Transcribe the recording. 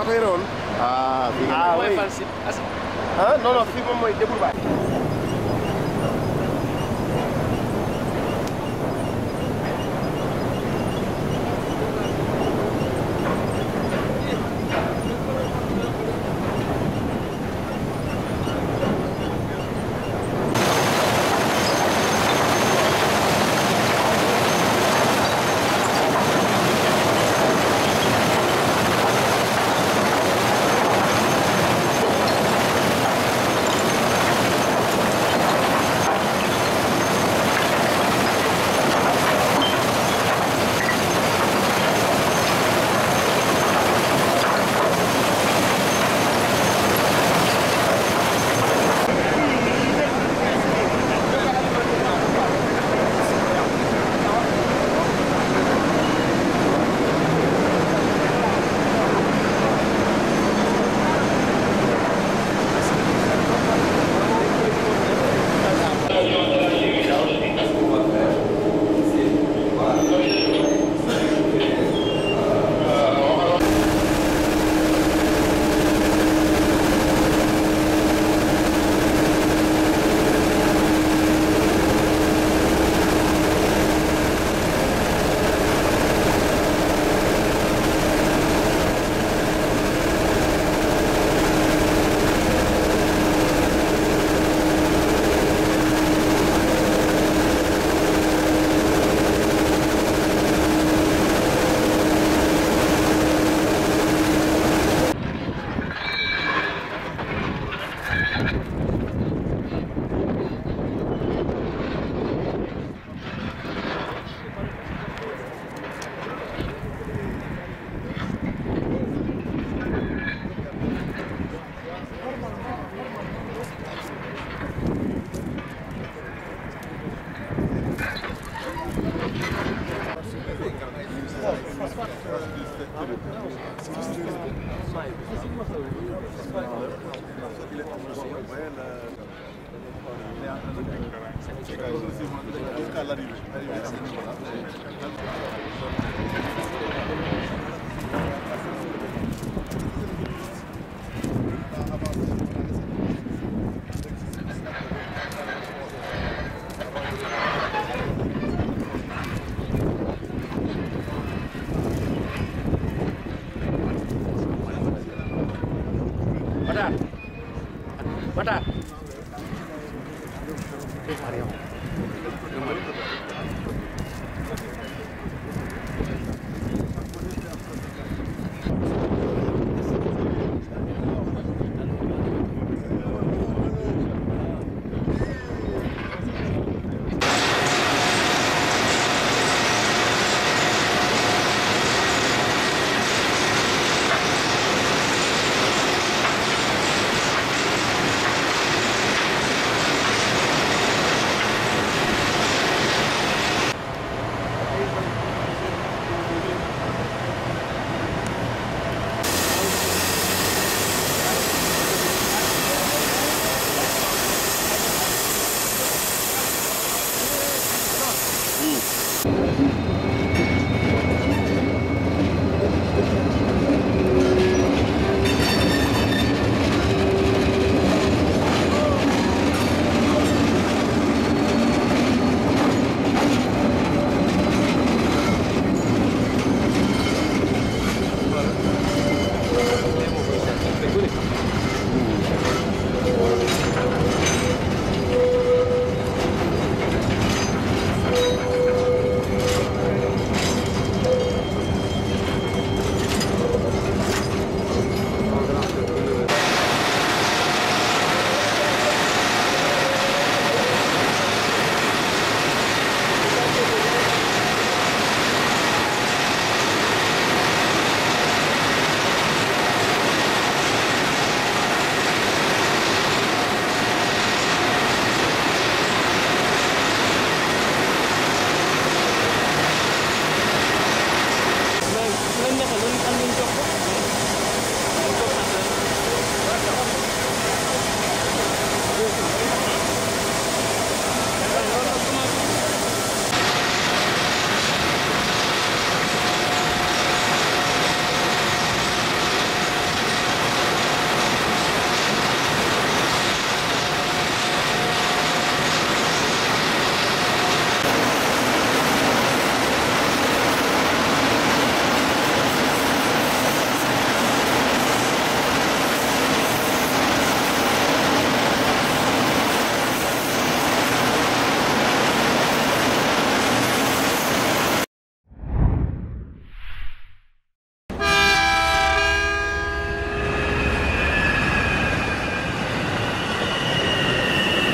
maa ko yore woon. ah bii ah oui ah non non fii moom mooy déglu baay. Jusqu'à l'arrivée.